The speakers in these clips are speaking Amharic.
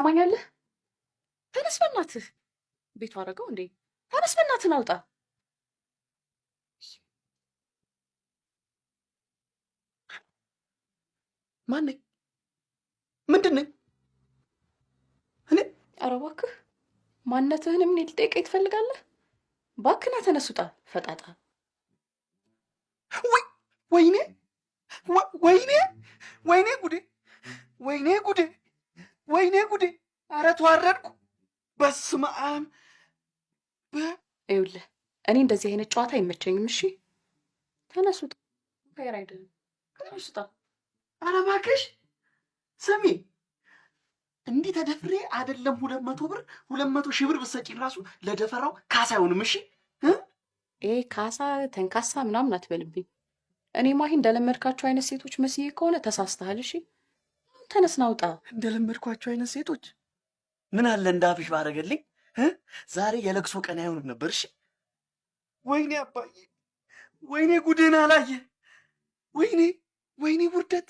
ታማኛለህ? ተነስ በእናትህ። ቤቱ አደረገው እንዴ? ተነስ በእናትህ ናውጣ። ማን ነኝ? ምንድን ነኝ እኔ? ኧረ እባክህ ማንነትህንም እኔ ልጠይቀኝ ትፈልጋለህ? እባክህ ና ተነስ ውጣ። ፈጣጣ ወይ ወይኔ ወይኔ ወይኔ ጉዴ ወይኔ ጉዴ ወይኔ ጉዴ! ኧረ ተዋረድኩ። በስመ አብ። ይኸውልህ እኔ እንደዚህ አይነት ጨዋታ አይመቸኝም። እሺ ተነሱት። ፌር አይደለም። ተነሱታ። ኧረ እባክሽ ስሚ፣ እንዲህ ተደፍሬ አይደለም ሁለት መቶ ብር ሁለት መቶ ሺህ ብር ብትሰጪኝ ራሱ ለደፈራው ካሳ አይሆንም። እሺ ይሄ ካሳ ተንካሳ ምናምን አትበልብኝ። እኔ ማሂ እንደለመድካቸው አይነት ሴቶች መስዬ ከሆነ ተሳስተሃል። እሺ ተነስ ናውጣ። እንደለመድኳቸው አይነት ሴቶች ምን አለ እንደ ባረገልኝ። ዛሬ የለቅሶ ቀን አይሆንም ነበር። እሺ። ወይኔ አባዬ፣ ወይኔ ጉድን አላየ። ወይኔ ወይኔ ውርደት።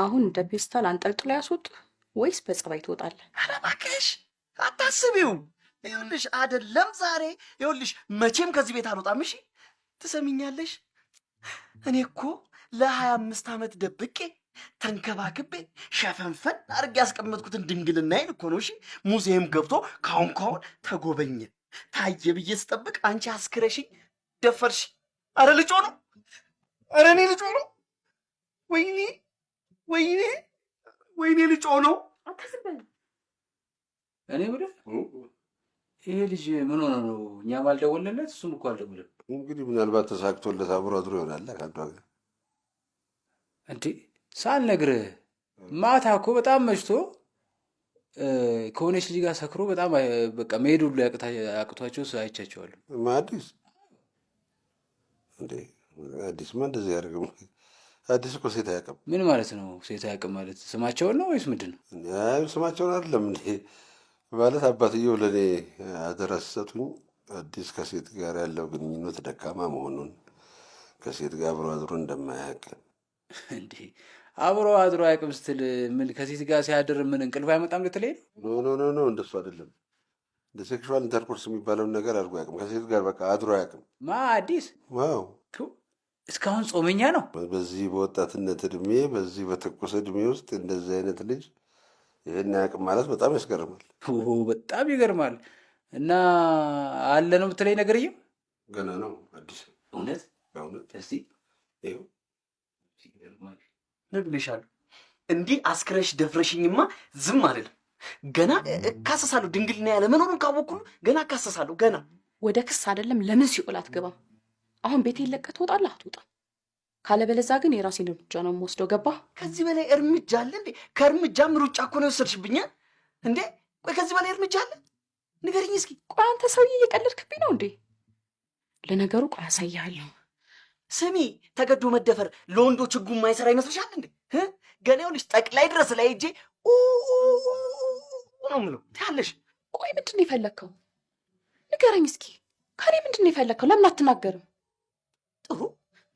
አሁን እንደ ፔስታል አንጠልጥሎ ያስወጡ ወይስ በጸባይ ትወጣለ ኧረ እባክሽ አታስቢውም። ይኸውልሽ አይደለም ዛሬ ይኸውልሽ፣ መቼም ከዚህ ቤት አልወጣም። እሺ ትሰሚኛለሽ? እኔ እኮ ለሀያ አምስት ዓመት ደብቄ ተንከባክቤ ሸፈንፈን አድርጌ ያስቀመጥኩትን ድንግልናዬን እኮ ነው። እሺ ሙዚየም ገብቶ ካሁን ካሁን ተጎበኘ ታየ ብዬ ስጠብቅ አንቺ አስክረሽኝ ደፈርሽ። አረ ልጮ ነው፣ አረ እኔ ልጮ ነው። ወይኔ ወይኔ ወይኔ ልጮ ነው። እኔ ብልህ ይሄ ልጅ ምን ሆነ ነው? እኛም አልደወለለት እሱም እኮ አልደወለም። እንግዲህ ምናልባት ተሳክቶለት አብሮ አድሮ ይሆናል ከአንዷ ጋር እንዴ ሳልነግርህ ማታ እኮ በጣም መችቶ ከሆነች ልጅ ጋር ሰክሮ በጣም በቃ መሄድ ሁሉ አቅቷቸው አይቻቸዋሉ። አዲስ አዲስ ማ እንደዚህ ያደርግም አዲስ እኮ ሴት አያውቅም። ምን ማለት ነው? ሴት አያውቅም ማለት ስማቸውን ነው ወይስ ምንድን ነው? ስማቸውን አይደለም እንዴ ማለት አባትየው ለእኔ አደራ ሲሰጡኝ አዲስ ከሴት ጋር ያለው ግንኙነት ደካማ መሆኑን ከሴት ጋር አብሮ አድሮ እንደማያውቅ እንዴ አብሮ አድሮ አያውቅም ስትል ምን ከሴት ጋር ሲያድር ምን እንቅልፍ አይመጣም ልትለኝ ነው? ኖ ኖ ኖ እንደሱ አይደለም። እንደ ሴክሹዋል ኢንተርኮርስ የሚባለውን ነገር አድርጎ አያውቅም። ከሴት ጋር በቃ አድሮ አያውቅም። ማ አዲስ ዋው እስካሁን ጾመኛ ነው። በዚህ በወጣትነት እድሜ በዚህ በትኩስ እድሜ ውስጥ እንደዚህ አይነት ልጅ ይህን አያውቅም ማለት በጣም ያስገርማል። በጣም ይገርማል። እና አለ ነው የምትለኝ ነገርዬ? ገና ነው አዲስ እውነት ምን ብለሻሉ? እንዲህ አስክረሽ ደፍረሽኝማ ዝም አልልም። ገና እካሰሳለሁ። ድንግልና ያለ መኖሩን ካወቅኩ ገና እካሰሳለሁ። ገና ወደ ክስ አይደለም ለምን ሲኦል አትገባም? አሁን ቤት የለቀ ትወጣለህ አትወጣም? ካለበለዛ ግን የራሴን እርምጃ ነው የምወስደው። ገባ? ከዚህ በላይ እርምጃ አለ እንዴ? ከእርምጃም ሩጫ እኮ ነው የወሰድሽብኛ እንዴ? ቆይ ከዚህ በላይ እርምጃ አለ? ንገርኝ እስኪ። ቆይ አንተ ሰውዬ እየቀለድክብኝ ነው እንዴ? ለነገሩ ቆይ አሳያለሁ ስሚ ተገዶ መደፈር ለወንዶች ህጉ የማይሰራ ይመስልሻል እንዴ? ገሌው ልጅ ጠቅላይ ድረስ ላይ እጄ ነው የምለው ትያለሽ። ቆይ ምንድን ነው የፈለግከው? ንገረኝ እስኪ ከኔ ምንድን ነው የፈለግከው? ለምን አትናገርም? ጥሩ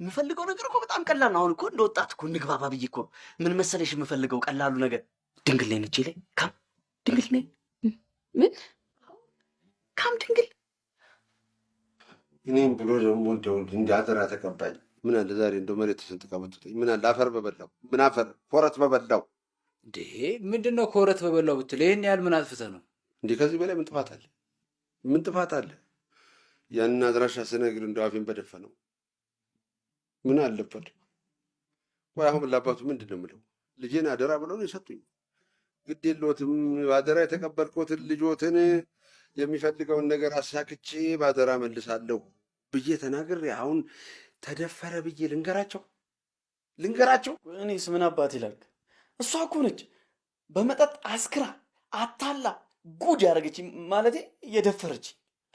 የምፈልገው ነገር እኮ በጣም ቀላል ነው። አሁን እኮ እንደ ወጣት እኮ ንግባባ ብዬ እኮ ምን መሰለሽ የምፈልገው ቀላሉ ነገር ድንግል ነኝ እጄ ላይ ካም ድንግል ነኝ ምን ካም ድንግል እኔም ብሎ ደግሞ እንደ አደራ ተቀባይ ምን አለ ዛሬ እንደ መሬት ተሰንጥቃ ብትውጠኝ ምን አለ አፈር በበላው ምን አፈር ኮረት በበላው እንዴ ምንድን ነው ኮረት በበላው ብትል ይህን ያህል ምን አጥፍተ ነው እንዴ ከዚህ በላይ ምን ጥፋት አለ ምን ጥፋት አለ ያንን አድራሻ ስነግር እንደ አፌን ነው። ምን አለበት ወይ አሁን ላባቱ ምንድን ነው የምለው ልጄን አደራ ብለው ነው የሰጡኝ ግድ የለትም አደራ የተቀበልኮትን ልጆትን የሚፈልገውን ነገር አሳክቼ ባደራ መልሳለሁ ብዬ ተናግሬ አሁን ተደፈረ ብዬ ልንገራቸው ልንገራቸው። እኔስ ምን አባት ይላል። እሷ እኮ ነች በመጠጥ አስክራ አታላ ጉድ ያደረገች ማለት የደፈረች።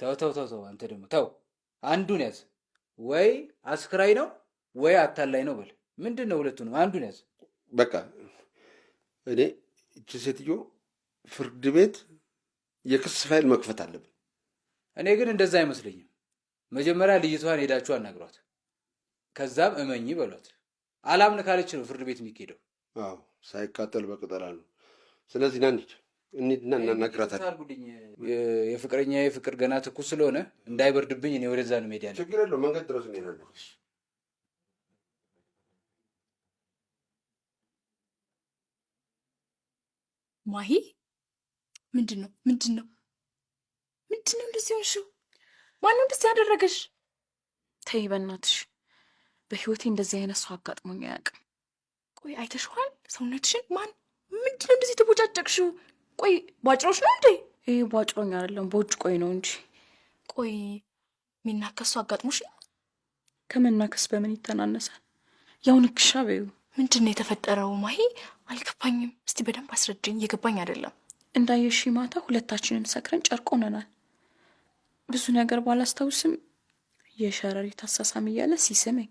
ተው ተው ተው ተው፣ አንተ ደግሞ ተው። አንዱን ያዝ። ወይ አስክራይ ነው ወይ አታላይ ነው በል። ምንድን ነው ነው? አንዱን ያዝ በቃ። እኔ እች ሴትዮ ፍርድ ቤት የክስ ፋይል መክፈት አለብን። እኔ ግን እንደዛ አይመስለኝም። መጀመሪያ ልጅቷን ሄዳችሁ አናግሯት፣ ከዛም እመኝ በሏት። አላምን ካለች ነው ፍርድ ቤት የሚካሄደው። አዎ ሳይቃጠል በቅጠል አሉ። ስለዚህ ና እንሂድ፣ እንሂድና እናናግራታለን። የፍቅረኛ የፍቅር ገና ትኩስ ስለሆነ እንዳይበርድብኝ እኔ ወደዛ ነው ሄድ ያለ። ችግር የለውም መንገድ ድረስ እንሄዳለን። ማሂ ምንድን ነው ምንድን ነው ምንድን ነው እንደዚህ ሆንሽው? ማነው እንደዚህ ያደረገሽ? ተይ በእናትሽ፣ በህይወቴ እንደዚህ አይነት ሰው አጋጥሞኝ አያውቅም። ቆይ አይተሽዋል ሰውነትሽን? ማን ምንድነው እንደዚህ ተቦጫጨቅሽው? ቆይ ቧጭሮች ነው እንዴ? ይህ ቧጭሮኝ አይደለም ቦጭ ቆይ ነው እንጂ። ቆይ የሚናከሱ አጋጥሞሽ ነው? ከመናከስ በምን ይተናነሳል? ያው ንክሻ በዩ ምንድን ነው የተፈጠረው? ማሂ አልገባኝም። እስቲ በደንብ አስረጅኝ፣ እየገባኝ አይደለም እንዳየሽ ማታ ሁለታችንም ሰክረን ጨርቅ ሆነናል። ብዙ ነገር ባላስታውስም የሸረሪት አሳሳም እያለ ሲስመኝ፣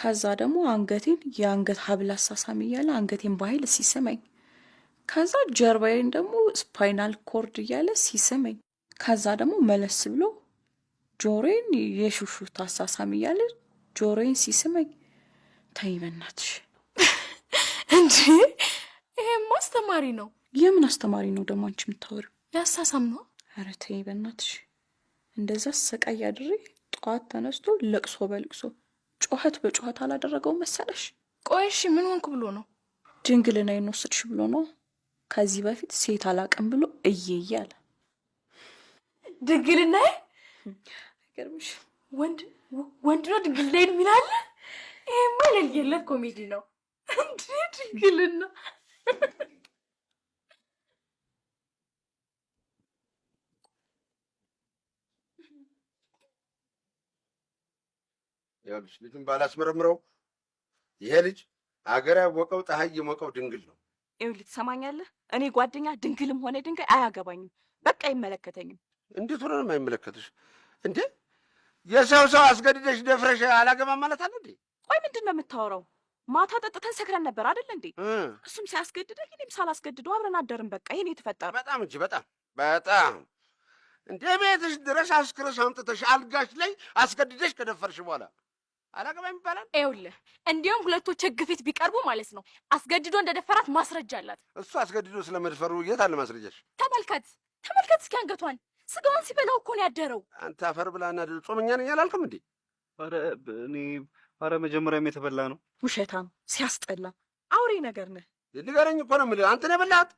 ከዛ ደግሞ አንገቴን የአንገት ሀብል አሳሳም እያለ አንገቴን በኃይል ሲስመኝ፣ ከዛ ጀርባዬን ደግሞ ስፓይናል ኮርድ እያለ ሲስመኝ፣ ከዛ ደግሞ መለስ ብሎ ጆሮዬን የሹሹት አሳሳም እያለ ጆሮዬን ሲስመኝ፣ ተይ በናትሽ እንጂ ይሄማ አስተማሪ ነው። የምን አስተማሪ ነው ደግሞ አንቺ የምታወሪው? ያሳሳም ነው። ኧረ ተይ በእናትሽ እንደዛ ሰቃይ አድሬ ጠዋት ተነስቶ ለቅሶ በልቅሶ ጩኸት በጩኸት አላደረገው መሰለሽ? ቆይሽ ምን ሆንኩ ብሎ ነው? ድንግልና ይንወስድሽ ብሎ ነው። ከዚህ በፊት ሴት አላቅም ብሎ እየየ አለ። ድንግልና ገርምሽ ወንድ ወንድ ነው ድንግልና የሚላለ ይሄማ ለየለት ኮሜዲ ነው እንዴ ድንግልና ይኸውልሽ ልጁን ባላስመረምረው ይሄ ልጅ አገር ያወቀው ፀሐይ የሞቀው ድንግል ነው። ይኸውልህ ትሰማኛለህ? እኔ ጓደኛ ድንግልም ሆነ ድንጋይ አያገባኝም። በቃ አይመለከተኝም። እንዴት ሆነ ነው የማይመለከትሽ እንዴ? የሰው ሰው አስገድደሽ ደፍረሽ አላገባም ማለት አለ እንዴ? ቆይ ምንድን ነው የምታወራው? ማታ ጠጥተን ሰክረን ነበር አይደል እንዴ? እሱም ሲያስገድደኝ እኔም ሳላስገድደው አብረን አደርን። በቃ ይሄን የተፈጠረ በጣም እንጂ በጣም በጣም እንዴ! ቤትሽ ድረስ አስክረሽ አምጥተሽ አልጋሽ ላይ አስገድደሽ ከደፈርሽ በኋላ አላገባም ይባላል። ይኸውልህ እንዲሁም ሁለቶች ህግ ፊት ቢቀርቡ ማለት ነው አስገድዶ እንደደፈራት ማስረጃ አላት። እሱ አስገድዶ ስለመድፈሩ የት አለ ማስረጃሽ? ተመልከት ተመልከት እስኪ አንገቷን ስጋውን ሲበላው እኮ ነው ያደረው። አንተ አፈር ብላና ድል ጾመኛ ነኝ አላልክም እንዴ? አረ እኔ አረ መጀመሪያም የተበላ ነው። ውሸታም ሲያስጠላ አውሬ ነገር ነህ። ንገረኝ እኮ ነው የምልህ አንተ ነህ የበላሃት?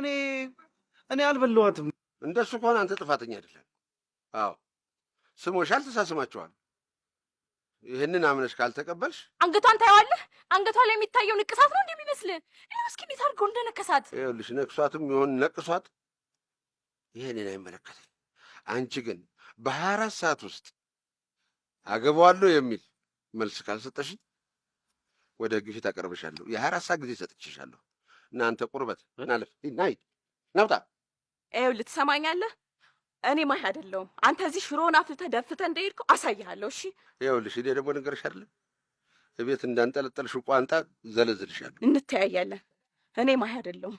እኔ እኔ አልበላኋትም። እንደሱ ከሆነ አንተ ጥፋተኛ አይደለም። አዎ ስሞሽ ተሳስማችኋል ይህንን አምነሽ ካልተቀበልሽ አንገቷን ታየዋለህ። አንገቷ ላይ የሚታየው ንቅሳት ነው እንደሚመስል እስኪ እንዴት አድርገው እንደነከሳት ይኸውልሽ። ነቅሷትም ይሆን ነቅሷት፣ ይህንን አይመለከተኝ። አንቺ ግን በሀያ አራት ሰዓት ውስጥ አገባዋለሁ የሚል መልስ ካልሰጠሽኝ ወደ ህግ ፊት አቀርብሻለሁ። የሀያ አራት ሰዓት ጊዜ ሰጥቼሻለሁ። እናንተ ቁርበት ናለፍ ናይ ነብጣ ይኸውልህ፣ ትሰማኛለህ እኔ ማይ አይደለሁም። አንተ እዚህ ሽሮን አፍልተህ ደፍተህ እንደሄድከው አሳይሃለሁ። እሺ ይኸውልሽ፣ እኔ ደግሞ ንገርሽ አይደለም እቤት እንዳንጠለጠልሽ ቋንጣ ዘለዝልሻለሁ። እንተያያለን። እኔ ማይ አይደለሁም።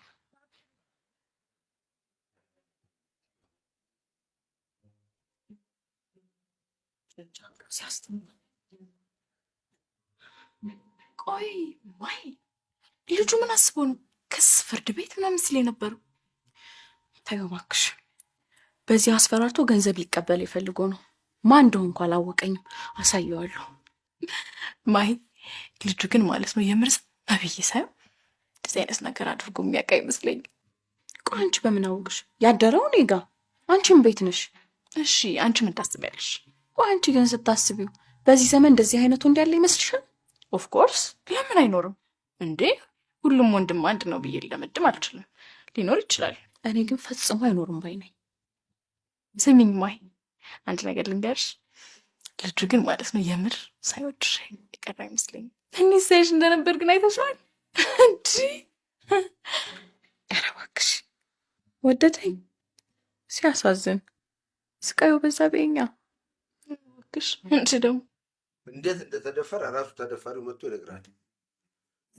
ቆይ ማይ ልጁ ምን አስቦ ነው ክስ ፍርድ ቤት ምናምን ሲል የነበረው? በዚህ አስፈራርቶ ገንዘብ ሊቀበል ይፈልጎ ነው። ማን እንኳ አላወቀኝም። አሳየዋለሁ። ማይ ልጁ ግን ማለት ነው የምርስ በብይ ሳይሆን እንደዚህ አይነት ነገር አድርጎ የሚያውቅ አይመስለኝም። ቆይ አንቺ በምን አወቅሽ? ያደረው እኔ ጋ። አንቺም ቤት ነሽ። እሺ አንቺም እንዳስቢያለሽ። ቆይ አንቺ ግን ስታስቢው በዚህ ዘመን እንደዚህ አይነቱ እንዲያለ ይመስልሻል? ኦፍኮርስ ለምን አይኖርም እንዴ? ሁሉም ወንድም አንድ ነው ብዬ ለመድም አልችልም። ሊኖር ይችላል። እኔ ግን ፈጽሞ አይኖርም ባይ ነኝ። ስሚኝ ማይ አንድ ነገር ልንገርሽ። ልጁ ግን ማለት ነው የምር ሳይወድሽ የቀረ አይመስለኝም። እኔ ሳይሽ እንደነበር ግን አይተሽዋል እንጂ ኧረ እባክሽ ወደደኝ። ሲያሳዝን ስቃዩ በዛ በኛ እባክሽ። እንጂ ደግሞ እንዴት እንደተደፈረ ራሱ ተደፋሪው መጥቶ ይነግራል።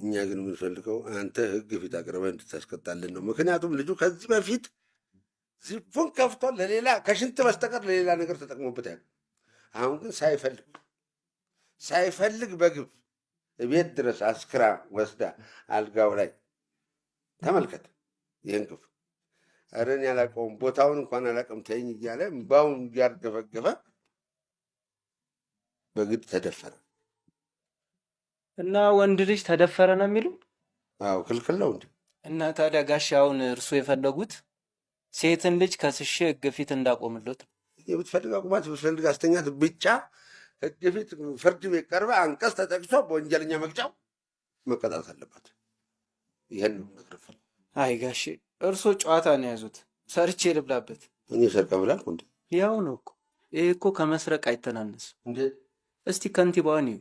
እኛ ግን የምንፈልገው አንተ ህግ ፊት አቅርበህ እንድታስቀጣልን ነው። ምክንያቱም ልጁ ከዚህ በፊት ዝፉን ከፍቶ ለሌላ ከሽንት በስተቀር ለሌላ ነገር ተጠቅሞበታል። አሁን ግን ሳይፈልግ ሳይፈልግ በግብ ቤት ድረስ አስክራ ወስዳ አልጋው ላይ ተመልከት። ይህን ግፍ ረን ያላቀውም ቦታውን እንኳን አላቀም ተኝ እያለ እምባውን እያርገፈገፈ በግድ ተደፈረ እና ወንድ ልጅ ተደፈረ ነው የሚሉ? አዎ ክልክል ነው እንዲ እና ታዲያ ጋሻውን እርሱ የፈለጉት ሴትን ልጅ ከስሽ ህግ ፊት እንዳቆምሎት የምትፈልግ አቁማት የምትፈልግ አስተኛት ብቻ ህግ ፊት ፍርድ ቤት ቀርበ አንቀጽ ተጠቅሶ በወንጀለኛ መቅጫው መቀጣት አለባት። ይህን ነው። አይ ጋሼ እርሶ ጨዋታ ነው የያዙት። ሰርቼ ልብላበት እኔ ሰርቀ ብላል እንደ ያው ነው እኮ ይህ እኮ ከመስረቅ አይተናነስም። እስቲ ከንቲባዋን እዩ፣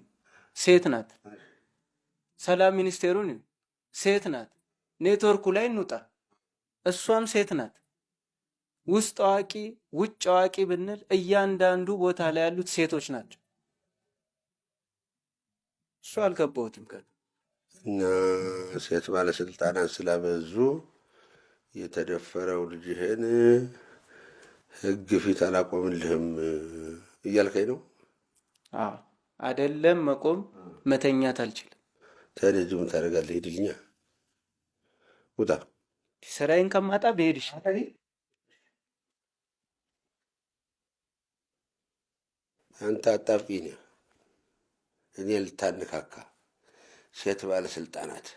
ሴት ናት። ሰላም ሚኒስቴሩን እዩ፣ ሴት ናት። ኔትወርኩ ላይ እንውጣ፣ እሷም ሴት ናት። ውስጥ አዋቂ ውጭ አዋቂ ብንል እያንዳንዱ ቦታ ላይ ያሉት ሴቶች ናቸው። እሱ አልገባሁትም። ከ ሴት ባለስልጣናት ስላበዙ የተደፈረው ልጅህን ህግ ፊት አላቆምልህም እያልከኝ ነው? አይደለም። መቆም መተኛት አልችልም። ተደጅ ታደርጋለህ? ሂድልኛ ውጣ። ስራዬን ከማጣ ብሄድ ይሻላል። አንተ አጣብቂኝ ነህ፣ እኔ ልታነካካ ሴት ባለስልጣናት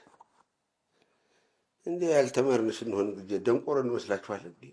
እንዲህ ያልተማርን ስንሆን ጊዜ ደንቆሮ እንመስላችኋል እንዲህ